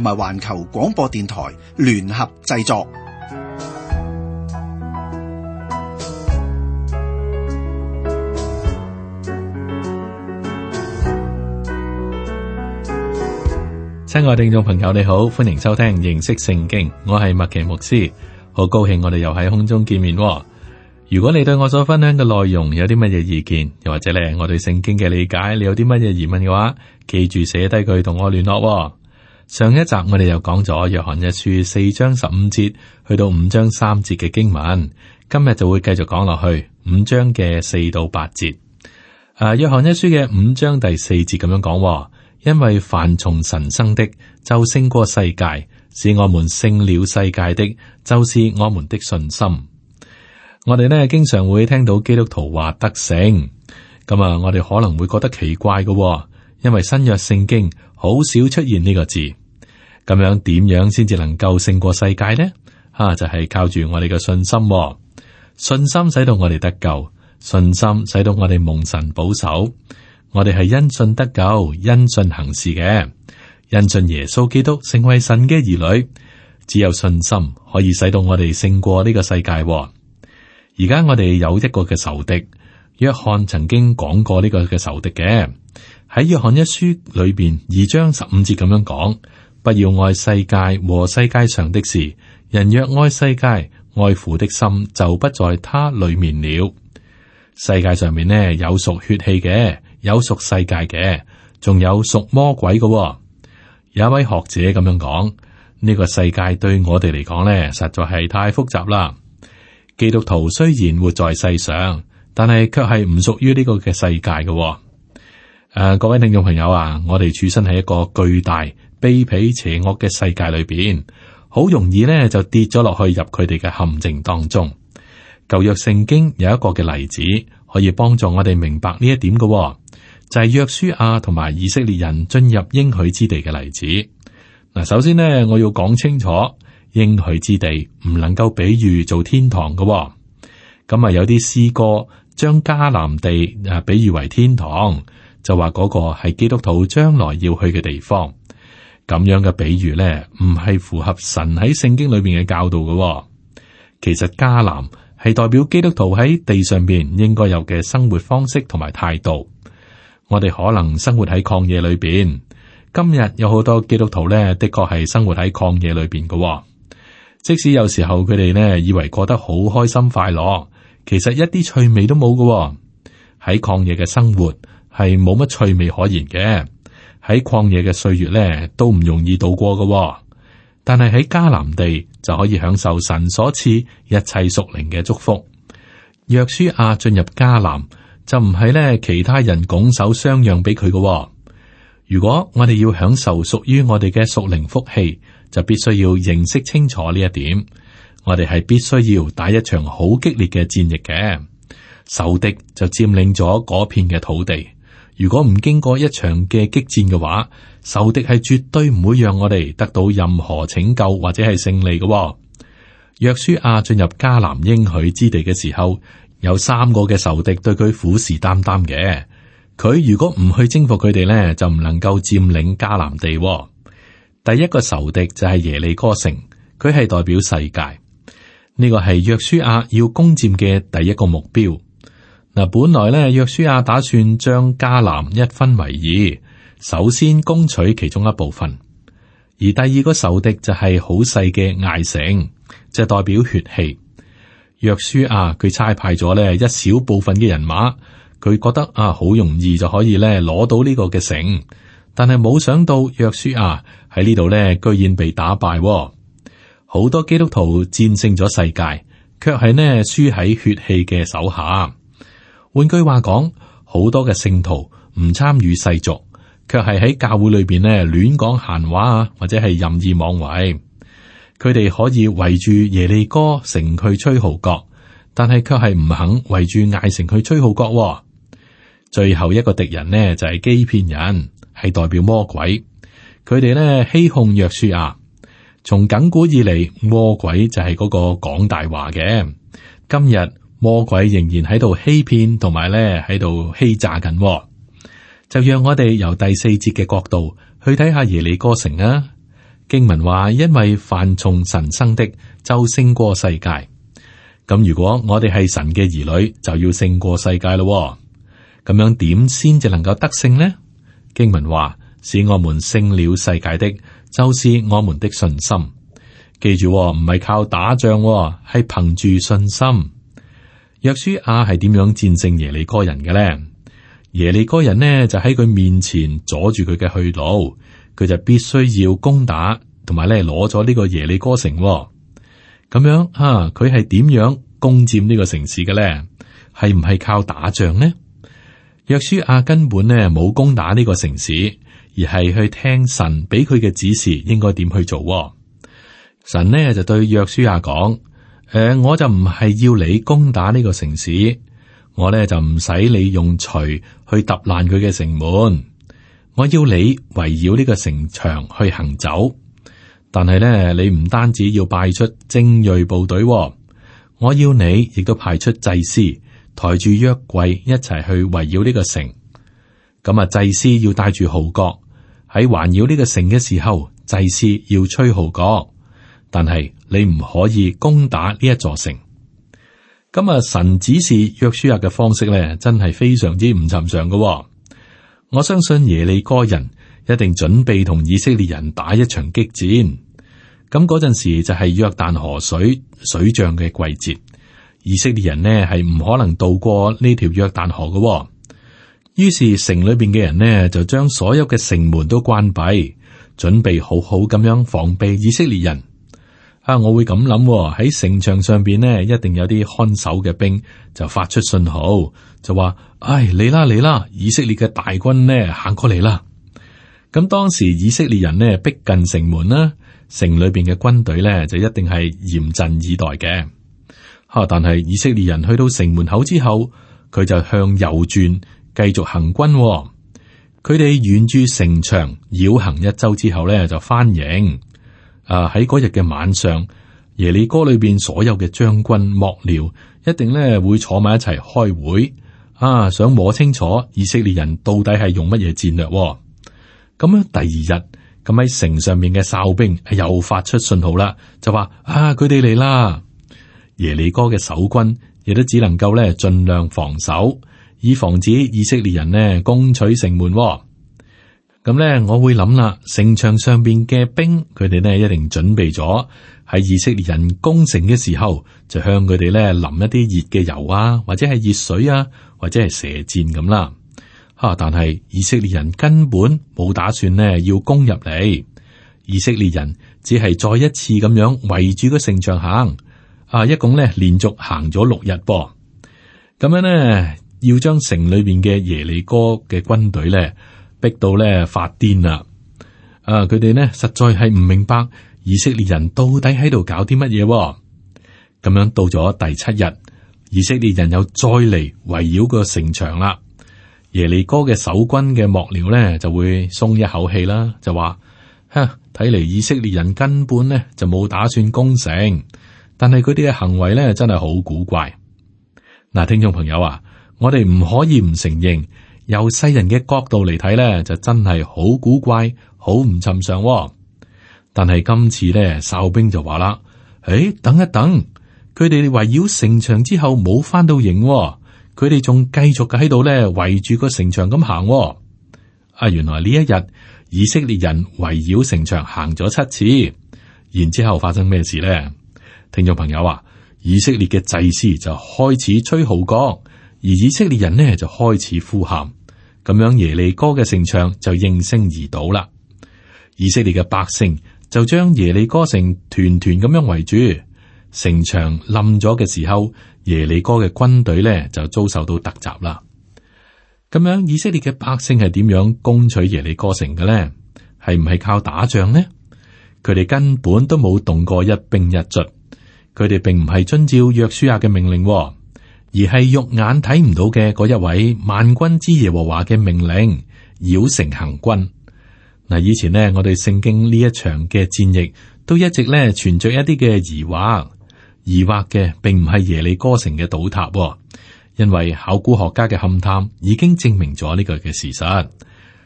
同埋環球廣播電台聯合製作，親愛嘅聽眾朋友，你好，歡迎收聽認識聖經。我係麥奇牧師，好高興我哋又喺空中見面。如果你對我所分享嘅內容有啲乜嘢意見，又或者咧我對聖經嘅理解，你有啲乜嘢疑問嘅話，記住寫低佢同我聯絡。上一集我哋又講咗《約翰一書》四章十五節去到五章三節嘅經文，今日就會繼續講落去五章嘅四到八節。啊，《約翰一書》嘅五章第四節咁樣講：「因為凡從神生的，就勝過世界；使我們勝了世界的，就是我們的信心。」我哋呢，經常會聽到基督徒話得勝，咁啊，我哋可能會覺得奇怪嘅，因為《新約聖經》。好少出現呢個字，咁樣點樣先至能夠勝過世界呢？啊，就係、是、靠住我哋嘅信心、喎，信心使到我哋得救，信心使到我哋蒙神保守，我哋係因信得救，因信行事嘅，因信耶穌基督成為神嘅兒女。只有信心可以使到我哋勝過呢個世界、喎。而家我哋有一個嘅仇敵，約翰曾經講過呢個嘅仇敵嘅。喺約翰一書裏邊二章十五節咁樣講，不要愛世界和世界上的事。人若愛世界，愛父的心就不在他裏面了。世界上面呢，有屬血氣嘅，有屬世界嘅，仲有屬魔鬼嘅、哦。有一位學者咁樣講：呢、這個世界對我哋嚟講呢，實在係太複雜啦。基督徒雖然活在世上，但係卻係唔屬於呢個嘅世界嘅、哦。誒、啊，各位聽眾朋友啊，我哋處身喺一個巨大卑鄙、邪惡嘅世界裏邊，好容易呢就跌咗落去入佢哋嘅陷阱當中。舊約聖經有一個嘅例子可以幫助我哋明白呢一點嘅、哦，就係、是、約書亞同埋以色列人進入應許之地嘅例子。嗱，首先呢，我要講清楚，應許之地唔能夠比喻做天堂嘅、哦。咁、嗯、啊，有啲詩歌將迦南地啊比喻為天堂。就話嗰個係基督徒將來要去嘅地方，咁樣嘅比喻呢，唔係符合神喺聖經裏面嘅教導㗎喎。其實迦南係代表基督徒喺地上邊應該有嘅生活方式同埋態度。我哋可能生活喺曠野裏邊，今日有好多基督徒呢，的確係生活喺曠野裏邊㗎喎。即使有時候佢哋呢，以為過得好開心快樂，其實一啲趣味都冇㗎喎。喺曠野嘅生活。係冇乜趣味可言嘅，喺曠野嘅歲月咧，都唔容易度過噶喎。但係喺迦南地就可以享受神所賜一切屬靈嘅祝福。約書亞進入迦南就唔係咧，其他人拱手相讓俾佢噶。如果我哋要享受屬於我哋嘅屬靈福氣，就必須要認識清楚呢一點。我哋係必須要打一場好激烈嘅戰役嘅，仇敵就佔領咗嗰片嘅土地。如果唔經過一場嘅激戰嘅話，仇敵係絕對唔會讓我哋得到任何拯救或者係勝利嘅，哦。約書亞進入迦南應許之地嘅時候，有三個嘅仇敵對佢虎視眈眈嘅。佢如果唔去征服佢哋呢，就唔能夠佔領迦南地，哦。第一個仇敵就係耶利哥城，佢係代表世界。呢個係約書亞要攻佔嘅第一個目標。本來咧，約書亞打算將迦南一分為二，首先攻取其中一部分，而第二個仇敵就係好細嘅艾城，即係代表血氣。約書亞佢差派咗咧一小部分嘅人馬，佢覺得啊，好容易就可以咧攞到呢個嘅城。但係冇想到約書亞喺呢度咧，居然被打敗。好多基督徒戰勝咗世界，卻係呢輸喺血氣嘅手下。換句話講，好多嘅聖徒唔參與世俗，卻係喺教會裏邊咧亂講閒話啊，或者係任意妄為。佢哋可以圍住耶利哥城去吹號角，但係卻係唔肯圍住艾城去吹號角。最後一個敵人呢，就係欺騙人，係代表魔鬼。佢哋呢，欺哄弱小啊。從亙古以嚟，魔鬼就係嗰個講大話嘅。今日。魔鬼仍然喺度欺騙，同埋咧喺度欺詐緊。就讓我哋由第四節嘅角度去睇下耶利哥城啊。經文話，因為凡從神生的就勝過世界。咁如果我哋係神嘅兒女，就要勝過世界咯啊。咁樣點先至能夠得勝呢？經文話，使我們勝了世界的，就是我們的信心。記住哦，唔係靠打仗哦，係憑住信心。約書亞係點樣戰勝耶利哥人嘅咧？耶利哥人呢就喺佢面前阻住佢嘅去路，佢就必須要攻打，同埋咧攞咗呢個耶利哥城喎。咁樣啊，佢係點樣攻佔呢個城市嘅咧？係唔係靠打仗呢？約書亞根本呢冇攻打呢個城市，而係去聽神俾佢嘅指示，應該點去做喎。神呢就對約書亞講。誒、呃，我就唔係要你攻打呢個城市，我咧就唔使你用錘去揼爛佢嘅城門。我要你圍繞呢個城牆去行走，但係咧你唔單止要派出精銳部隊，哦，我要你亦都派出祭司，抬住約櫃一齊去圍繞呢個城。咁啊，祭司要帶住號角，喺環繞呢個城嘅時候，祭司要吹號角，但係，你唔可以攻打呢一座城。咁啊，神指示約書亞嘅方式咧，真係非常之唔尋常嘅，哦，我相信耶利哥人一定準備同以色列人打一場激戰。咁嗰陣時就係約旦河水水漲嘅季節，以色列人咧係唔可能渡過呢條約旦河嘅，哦，於是城裏邊嘅人咧就將所有嘅城門都關閉，準備好好咁樣防備以色列人。啊！我會咁諗喎，喺城牆上邊呢，一定有啲看守嘅兵就發出信號，就話：唉，嚟啦嚟啦！以色列嘅大軍呢行過嚟啦。咁當時以色列人呢逼近城門啦，城裏邊嘅軍隊呢就一定係嚴陣以待嘅。哈、啊！但係以色列人去到城門口之後，佢就向右轉，繼續行軍、哦。佢哋沿住城牆繞行一周之後呢，就翻營。啊！喺嗰日嘅晚上，耶利哥裏邊所有嘅將軍幕僚，幕僚一定咧會坐埋一齊開會，啊想摸清楚以色列人到底係用乜嘢戰略、哦。咁、啊、樣第二日，咁喺城上面嘅哨兵又發出信號啦，就話啊佢哋嚟啦！耶利哥嘅守軍亦都只能夠咧盡量防守，以防止以色列人咧攻取城門、哦。咁咧，我會諗啦，城牆上邊嘅兵，佢哋呢，一定準備咗，喺以色列人攻城嘅時候，就向佢哋咧淋一啲熱嘅油啊，或者係熱水啊，或者係射箭咁啦。吓、啊，但係以色列人根本冇打算呢要攻入嚟，以色列人只係再一次咁樣圍住個城牆行，啊，一共咧連續行咗六日噃、啊，咁樣呢，要將城裏邊嘅耶利哥嘅軍隊咧。逼到呢發癲啦！啊，佢哋呢，實在係唔明白以色列人到底喺度搞啲乜嘢？咁樣到咗第七日，以色列人又再嚟圍繞個城牆啦。耶利哥嘅守軍嘅幕僚呢，就會鬆一口氣啦，就話：吓，睇嚟，以色列人根本呢就冇打算攻城。但係佢哋嘅行為呢，真係好古怪。嗱，啊，聽眾朋友啊，我哋唔可以唔承認。由世人嘅角度嚟睇咧，就真係好古怪，好唔尋常、哦。但係今次咧，哨兵就話啦：誒、哎，等一等，佢哋圍繞城牆之後冇翻到營，佢哋仲繼續喺度咧圍住個城牆咁行。啊，原來呢一日以色列人圍繞城牆行咗七次，然之後發生咩事咧？聽眾朋友話，以色列嘅祭司就開始吹號角，而以色列人呢，就開始呼喊。咁樣耶利哥嘅城牆就應聲而倒啦。以色列嘅百姓就將耶利哥城團團咁樣圍住，城牆冧咗嘅時候，耶利哥嘅軍隊呢就遭受到突襲啦。咁樣以色列嘅百姓係點樣攻取耶利哥城嘅呢？係唔係靠打仗呢？佢哋根本都冇動過一兵一卒，佢哋並唔係遵照約書亞嘅命令哦。而係肉眼睇唔到嘅嗰一位萬軍之耶和華嘅命令，繞城行軍。嗱，以前呢，我哋聖經呢一場嘅戰役，都一直咧存着一啲嘅疑惑。疑惑嘅並唔係耶利哥城嘅倒塌，哦，因為考古學家嘅勘探已經證明咗呢個嘅事實。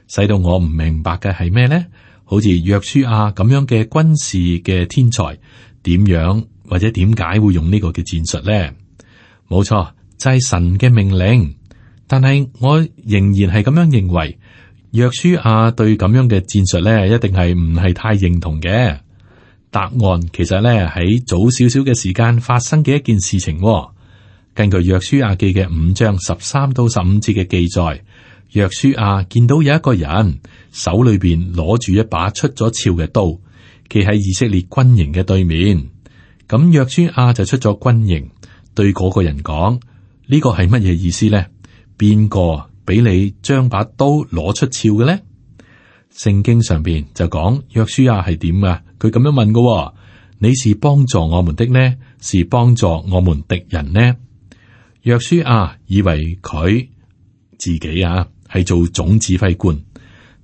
使到我唔明白嘅係咩呢？好似約書亞咁樣嘅軍事嘅天才，點樣或者點解會用呢個嘅戰術呢？冇錯，就係、是、神嘅命令。但係我仍然係咁樣認為，約書亞對咁樣嘅戰術咧，一定係唔係太認同嘅。答案其實咧喺早少少嘅時間發生嘅一件事情、哦。根據約書亞記嘅五章十三到十五節嘅記載，約書亞見到有一個人手裏邊攞住一把出咗鞘嘅刀，企喺以色列軍營嘅對面。咁約書亞就出咗軍營。對嗰個人講呢、呢個係乜嘢意思呢？邊個俾你將把，把刀攞出鞘嘅呢？聖經上邊就講，約書亞係點啊？佢咁樣問個、哦，你是幫助我們的呢？是幫助我們敵人呢？約書亞以為佢自己啊，係做總指揮官，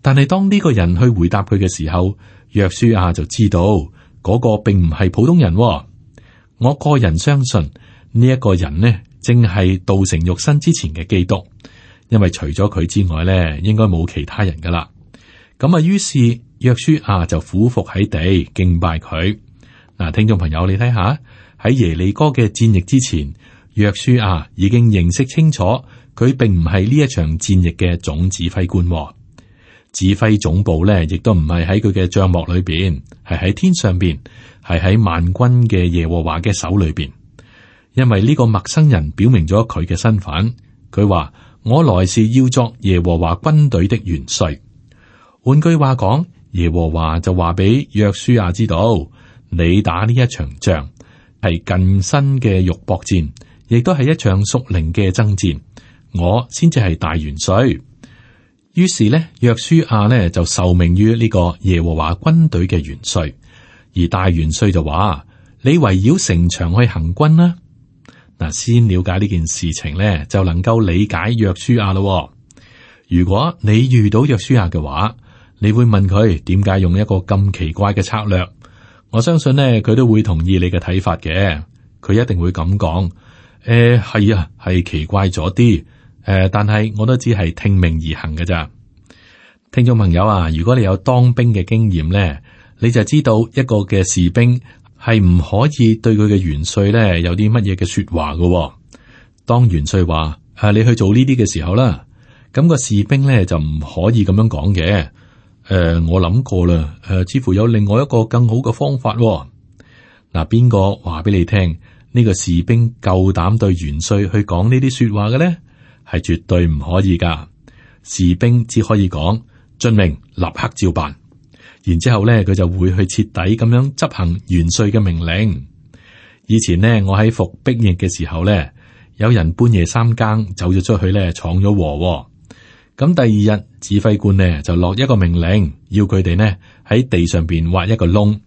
但係當呢個人去回答佢嘅時候，約書亞就知道嗰、嗰個並唔係普通人、哦。我個人相信。呢一個人呢，正係道成肉身之前嘅基督，因為除咗佢之外咧，應該冇其他人噶啦。咁啊，於是約書亞就俯伏喺地敬拜佢嗱。聽眾朋友，你睇下喺耶利哥嘅戰役之前，約書亞已經認識清楚佢並唔係呢一場戰役嘅總指揮官。指揮總部咧，亦都唔係喺佢嘅帳幕裏邊，係喺天上邊，係喺萬軍嘅耶和華嘅手裏邊。因為呢個陌生人表明咗佢嘅身份，佢話，我來是要作耶和華軍隊的元帥。換句話講，耶和華就話俾約書亞知道，你打呢一場仗係近身嘅肉搏戰，亦都係一場屬靈嘅爭戰。我先至係大元帥。於是呢，約書亞呢就受命於呢個耶和華軍隊嘅元帥，而大元帥就話：你圍繞城牆去行軍啦，啊。嗱，先了解呢件事情咧，就能夠理解約書亞咯。如果你遇到約書亞嘅話，你會問佢點解用一個咁奇怪嘅策略？我相信咧，佢都會同意你嘅睇法嘅。佢一定會咁講：誒、呃，係啊，係奇怪咗啲。誒、呃，但係我都只係聽命而行嘅咋。聽眾朋友啊，如果你有當兵嘅經驗咧，你就知道一個嘅士兵。係唔可以對佢嘅元帥咧有啲乜嘢嘅說話嘅、哦？當元帥話誒，你去做呢啲嘅時候啦，咁、個士兵咧就唔可以咁樣講嘅。誒、呃，我諗過啦，誒、啊，似乎有另外一個更好嘅方法、哦。嗱、啊，邊個話俾你聽呢、個士兵夠膽對元帥去講呢啲說話嘅咧？係絕對唔可以噶。士兵只可以講遵命，立刻照辦。然之後咧，佢就會去徹底咁樣執行元帥嘅命令。以前呢，我喺服兵役嘅時候咧，有人半夜三更走咗出去咧，闖咗禍。咁第二日，指揮官呢就落一個命令，要佢哋呢喺地上邊挖一個窿。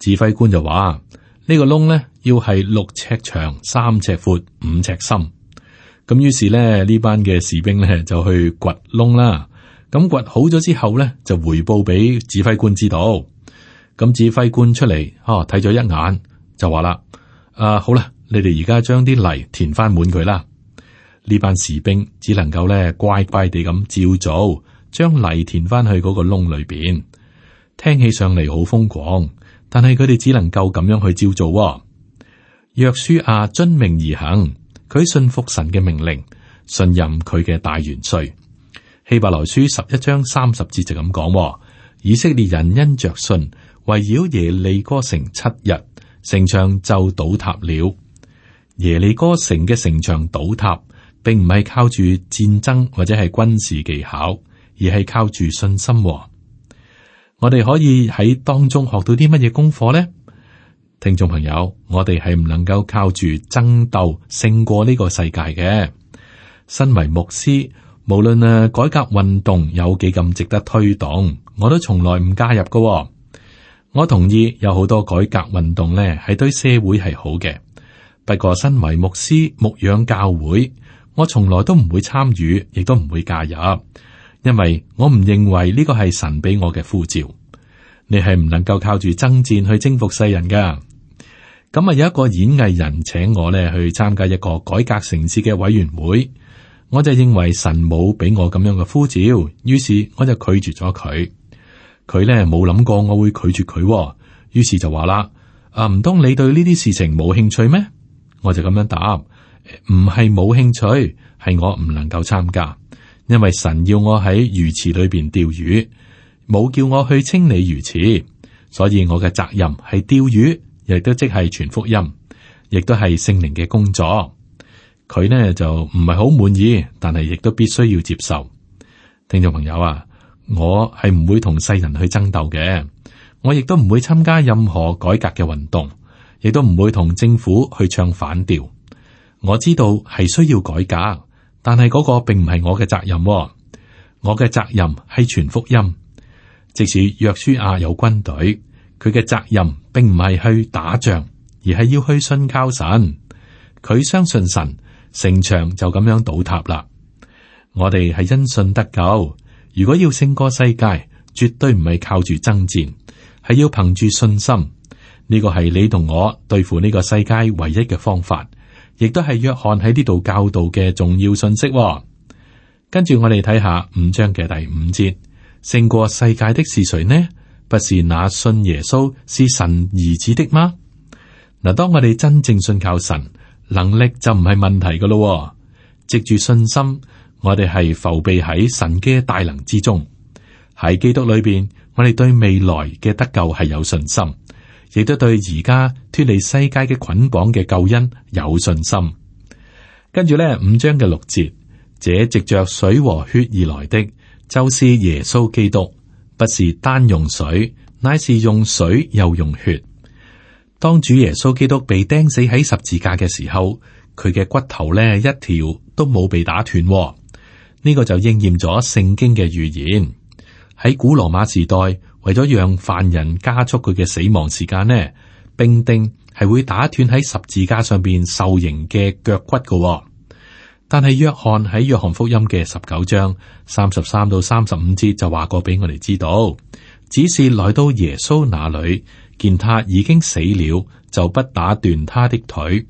指揮官就話：呢個窿咧要係六尺長、三尺闊、五尺深。咁於是咧，呢班嘅士兵咧就去掘窿啦。咁掘好咗之後咧，就回報俾指揮官知道。咁指揮官出嚟，哦，睇咗一眼就話啦：誒、啊、好啦，你哋而家將啲泥填翻滿佢啦。呢班士兵只能夠咧乖乖地咁照做，將泥填翻去嗰個窿裏邊。聽起上嚟好瘋狂，但係佢哋只能夠咁樣去照做，哦。約書亞遵命而行，佢信服神嘅命令，信任佢嘅大元帥。希伯來書十一章三十節就咁講，以色列人因着信，圍繞耶利哥城七日，城牆就倒塌了。耶利哥城嘅城牆倒塌，並唔係靠住戰爭或者係軍事技巧，而係靠住信心。我哋可以喺當中學到啲乜嘢功課呢？聽眾朋友，我哋係唔能夠靠住爭鬥勝過呢個世界嘅。身為牧師，無論啊，改革運動有幾咁值得推動，我都從來唔加入噶。哦，我同意有好多改革運動呢係對社會係好嘅。不過身為牧師牧養教會，我從來都唔會參與，亦都唔會加入，因為我唔認為呢個係神俾我嘅呼召。你係唔能夠靠住征戰去征服世人噶。咁啊，有一個演藝人請我呢去參加一個改革城市嘅委員會。我就認為神冇俾我咁樣嘅呼召，於是我就拒絕咗佢。佢咧冇諗過我會拒絕佢。哦，於是就話啦，啊，唔通你對呢啲事情冇興趣咩？我就咁樣答，唔係冇興趣，係我唔能夠參加，因為神要我喺魚池裏邊釣魚，冇叫我去清理魚池，所以我嘅責任係釣魚，亦都即係傳福音，亦都係聖靈嘅工作。佢呢就唔係好滿意，但係亦都必須要接受。聽眾朋友啊，我係唔會同世人去爭鬥嘅，我亦都唔會參加任何改革嘅運動，亦都唔會同政府去唱反調。我知道係需要改革，但係嗰個並唔係我嘅責任，哦。我嘅責任係傳福音。即使約書亞有軍隊，佢嘅責任並唔係去打仗，而係要去信靠神。佢相信神。.城牆就咁樣倒塌啦！我哋係因信得救。如果要勝過世界，絕對唔係靠住爭戰，係要憑住信心。呢個係你同我對付呢個世界唯一嘅方法，亦都係約翰喺呢度教導嘅重要信息哦。跟住我哋睇下五章嘅第五節，勝過世界的是誰呢？不是那信耶穌是神兒子的嗎？嗱，當我哋真正信靠神。能力就唔係問題嘅咯，哦，藉住信心，我哋係浮備喺神嘅大能之中，喺基督裏邊，我哋對未來嘅得救係有信心，亦都對而家脫離世界嘅捆綁嘅救恩有信心。跟住咧五章嘅六節，這藉着水和血而來的，就是耶穌基督，不是單用水，乃是用水又用血。當主耶穌基督被釘死喺十字架嘅時候，佢嘅骨頭咧一條都冇被打斷，呢個就應驗咗聖經嘅預言。喺古羅馬時代，為咗讓犯人加速佢嘅死亡時間呢，兵丁係會打斷喺十字架上邊受刑嘅腳骨噶。但係約翰喺約翰福音嘅十九章三十三到三十五節就話過俾我哋知道，只是來到耶穌那裏。見他已經死了，就不打斷他的腿，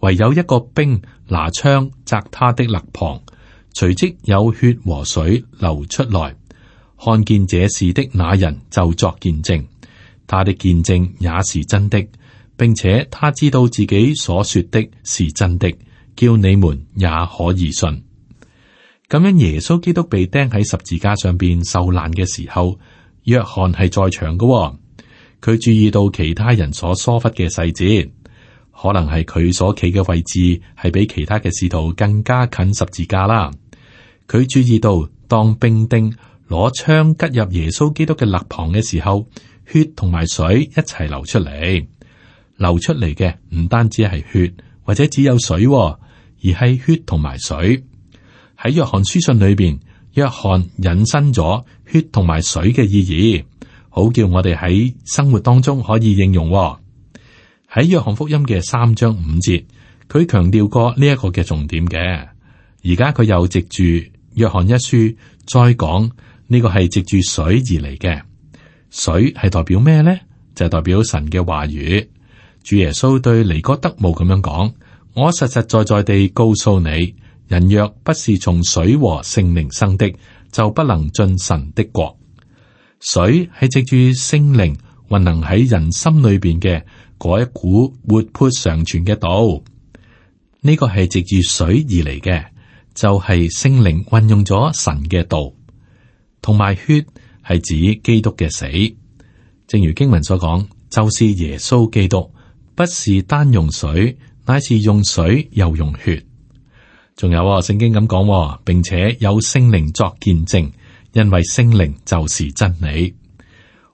唯有一個兵拿槍扎他的肋旁，隨即有血和水流出來。看見這事的那人就作見證，他的見證也是真的，並且他知道自己所說的是真的，叫你們也可以信。咁樣，耶穌基督被釘喺十字架上邊受難嘅時候，約翰係在場嘅，哦。佢注意到其他人所疏忽嘅細節，可能係佢所企嘅位置係比其他嘅使徒更加近十字架啦。佢注意到當兵丁攞槍吉入耶穌基督嘅肋旁嘅時候，血同埋水一齊流出嚟。流出嚟嘅唔單止係血，或者只有水哦，而係血同埋水。喺約翰書信裏邊，約翰引申咗血同埋水嘅意義。好叫我哋喺生活當中可以應用喎、哦。喺約翰福音嘅三章五節，佢強調過呢一個嘅重點嘅。而家佢又藉住約翰一書再講呢個係藉住水而嚟嘅。水係代表咩呢？就係、是、代表神嘅話語。主耶穌對尼哥德慕咁樣講：我實實在在地告訴你，人若不是從水和聖靈生的，就不能進神的國。水係藉住聖靈，運行喺人心裏邊嘅嗰一股活潑常存嘅道。呢、這個係藉住水而嚟嘅，就係聖靈運用咗神嘅道，同埋血係指基督嘅死。正如經文所講，就是耶穌基督，不是單用水，乃是用水又用血。仲有、哦、聖經咁講、哦，並且有聖靈作見證。因為聖靈就是真理，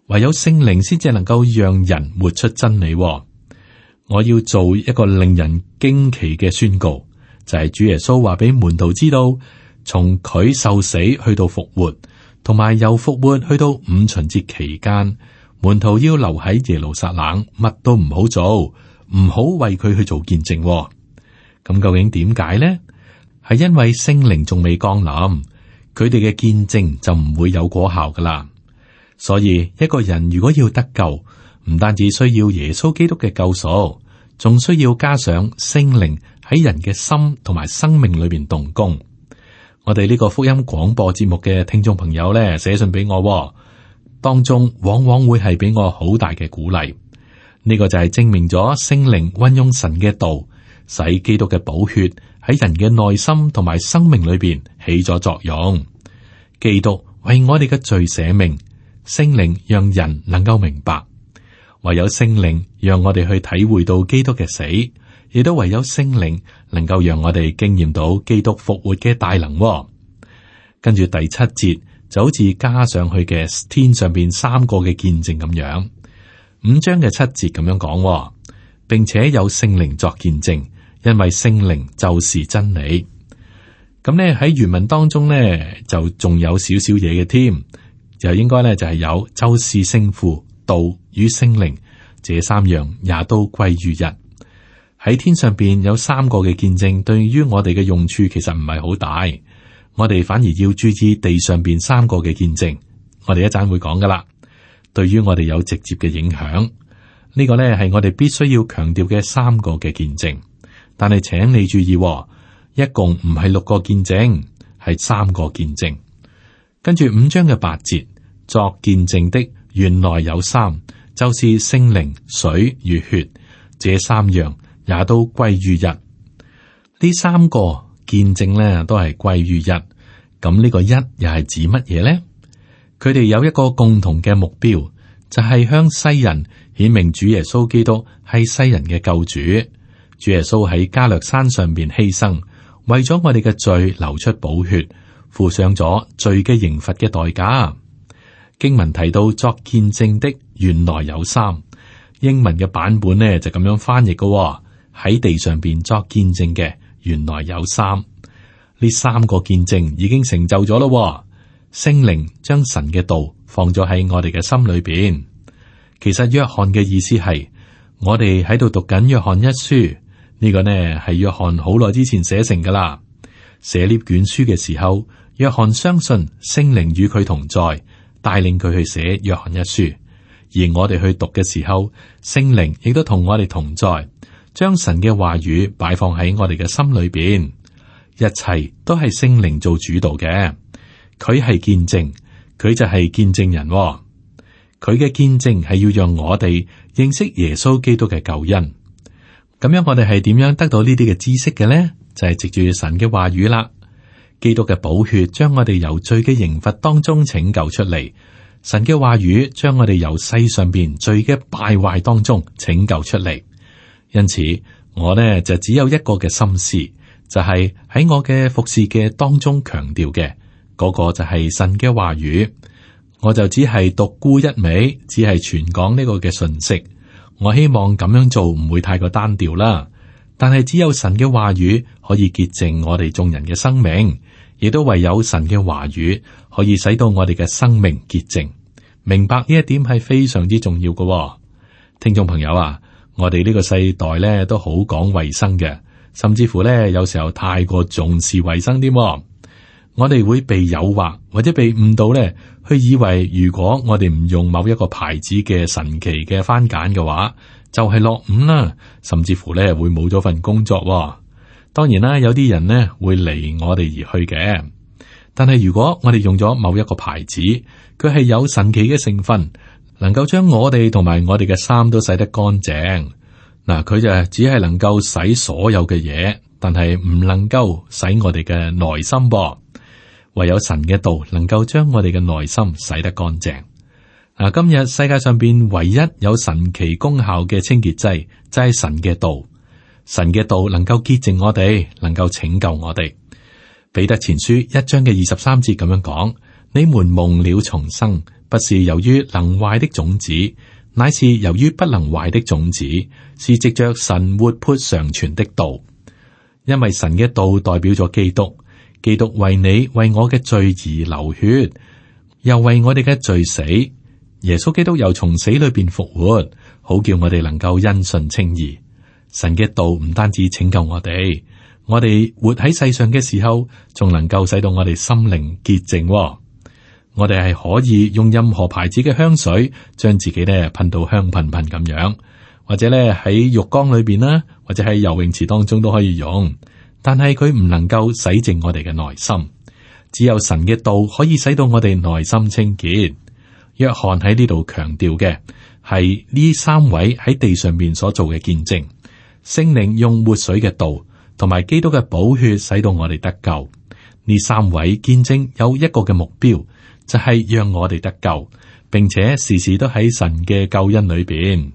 唯有聖靈先至能夠讓人活出真理。我要做一個令人驚奇嘅宣告，就係、是、主耶穌話俾門徒知道：從佢受死去到復活，同埋又復活去到五旬節期間，門徒要留喺耶路撒冷，乜都唔好做，唔好為佢去做見證。咁究竟點解呢？係因為聖靈仲未降臨。佢哋嘅見證就唔會有果效噶啦，所以一個人如果要得救，唔單止需要耶穌基督嘅救贖，仲需要加上聖靈喺人嘅心同埋生命裏邊動工。我哋呢個福音廣播節目嘅聽眾朋友咧，寫信俾我，當中往往會係俾我好大嘅鼓勵。呢、這個就係證明咗聖靈運用神嘅道，使基督嘅寶血，喺人嘅內心同埋生命裏邊起咗作用，基督為我哋嘅罪捨命，聖靈讓人能夠明白，唯有聖靈讓我哋去體會到基督嘅死，亦都唯有聖靈能夠讓我哋經驗到基督復活嘅大能，哦。跟住第七節就好似加上去嘅天上邊三個嘅見證咁樣，五章嘅七節咁樣講，並且有聖靈作見證。因為聖靈就是真理，咁呢喺原文當中呢，就仲有少少嘢嘅添，就應該呢，就係、是、有周氏聖父道與聖靈這三樣也都歸於一。喺天上邊有三個嘅見證，對於我哋嘅用處其實唔係好大，我哋反而要注意地上邊三個嘅見證。我哋一陣會講噶啦，對於我哋有直接嘅影響呢個呢係我哋必須要強調嘅三個嘅見證。但係，請你注意、哦，一共唔係六個見證，係三個見證。跟住五章嘅八節作見證的，原來有三，就是聖靈、水與血，這三樣也都歸於一。呢三個見證咧，都係歸於一。咁呢個一又係指乜嘢咧？佢哋有一個共同嘅目標，就係、是、向世人顯明主耶穌基督係世人嘅救主。主耶穌喺加略山上邊犧牲，為咗我哋嘅罪流出寶血，付上咗罪嘅刑罰嘅代價啊！經文提到作見證的原來有三，英文嘅版本呢就咁樣翻譯嘅喎、哦。喺地上邊作見證嘅原來有三，呢三個見證已經成就咗咯、哦。聖靈將神嘅道放咗喺我哋嘅心裏邊。其實約翰嘅意思係我哋喺度讀緊約翰一書。呢個呢，係約翰好耐之前寫成噶啦，寫呢卷書嘅時候，約翰相信聖靈與佢同在，帶領佢去寫《約翰一書》。而我哋去讀嘅時候，聖靈亦都同我哋同在，將神嘅話語擺放喺我哋嘅心裏邊，一切都係聖靈做主導嘅。佢係見證，佢就係見證人喎。佢嘅見證係要讓我哋認識耶穌基督嘅救恩。咁樣我哋係點樣得到呢啲嘅知識嘅咧？就係藉住神嘅話語啦。基督嘅寶血將我哋由罪嘅刑罰當中拯救出嚟，神嘅話語將我哋由世上邊罪嘅敗壞當中拯救出嚟。因此，我呢就只有一個嘅心思，就係喺我嘅服侍嘅當中強調嘅嗰個就係神嘅話語。我就只係獨孤一味，只係全講呢個嘅信息。我希望咁樣做唔會太過單調啦，但係只有神嘅話語可以潔淨我哋眾人嘅生命，亦都唯有神嘅話語可以使到我哋嘅生命潔淨。明白呢一點係非常之重要嘅哦。聽眾朋友啊，我哋呢個世代咧都好講衛生嘅，甚至乎咧有時候太過重視衛生添哦。我哋會被誘惑或者被誤導咧，去以為如果我哋唔用某一個牌子嘅神奇嘅番枧嘅話，就係、是、落伍啦，甚至乎咧會冇咗份工作、哦。當然啦，有啲人呢會離我哋而去嘅。但係如果我哋用咗某一個牌子，佢係有神奇嘅成分，能夠將我哋同埋我哋嘅衫都洗得乾淨嗱。佢、呃、就只係能夠洗所有嘅嘢，但係唔能夠洗我哋嘅內心噃、哦。唯有神嘅道能夠將我哋嘅內心洗得乾淨。嗱、啊，今日世界上邊唯一有神奇功效嘅清潔劑，就係、是、神嘅道。神嘅道能夠潔淨我哋，能夠拯救我哋。彼得前書一章嘅二十三節咁樣講：你們蒙了重生，不是由於能壞的種子，乃是由於不能壞的種子，是藉着神活潑常存的道。因為神嘅道代表咗基督。基督為你，為我嘅罪而流血，又為我哋嘅罪死。耶穌基督又從死裏邊復活，好叫我哋能夠因信稱義。神嘅道唔單止拯救我哋，我哋活喺世上嘅時候，仲能夠使到我哋心靈潔淨。我哋係可以用任何牌子嘅香水，將自己咧噴到香噴噴咁樣，或者咧喺浴缸裏邊啦，或者喺游泳池當中都可以用。但係佢唔能夠洗淨我哋嘅內心，只有神嘅道可以使到我哋內心清潔。約翰喺呢度強調嘅係呢三位喺地上面所做嘅見證，聖靈用活水嘅道同埋基督嘅寶血使到我哋得救。呢三位見證有一個嘅目標，就係、是、讓我哋得救，並且時時都喺神嘅救恩裏邊。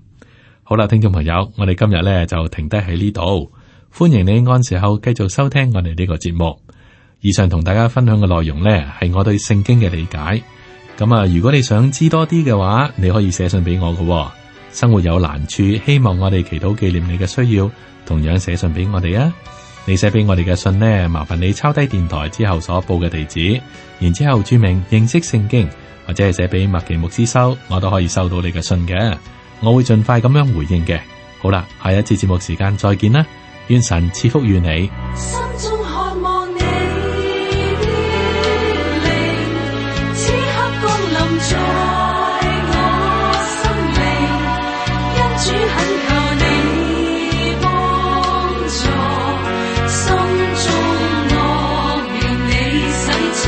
好啦，聽眾朋友，我哋今日咧就停低喺呢度。歡迎你按時候繼續收聽我哋呢個節目。以上同大家分享嘅內容呢，係我對聖經嘅理解。咁啊，如果你想知多啲嘅話，你可以寫信俾我噶喎。生活有難處，希望我哋祈禱紀念你嘅需要，同樣寫信俾我哋啊。你寫俾我哋嘅信呢，麻煩你抄低電台之後所報嘅地址，然之後注明認識聖經，或者係寫俾麥奇牧師收，我都可以收到你嘅信嘅。我會盡快咁樣回應嘅。好啦，下一次節目時間再見啦。願神賜福於你，心中渴望你的靈，此刻降臨在我心靈。因主懇求你幫助，心中我願你洗清，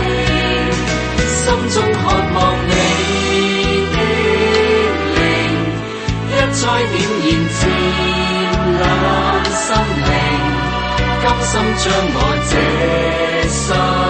心中渴望你的靈，一再點燃漸冷心靈。甘心將我這生。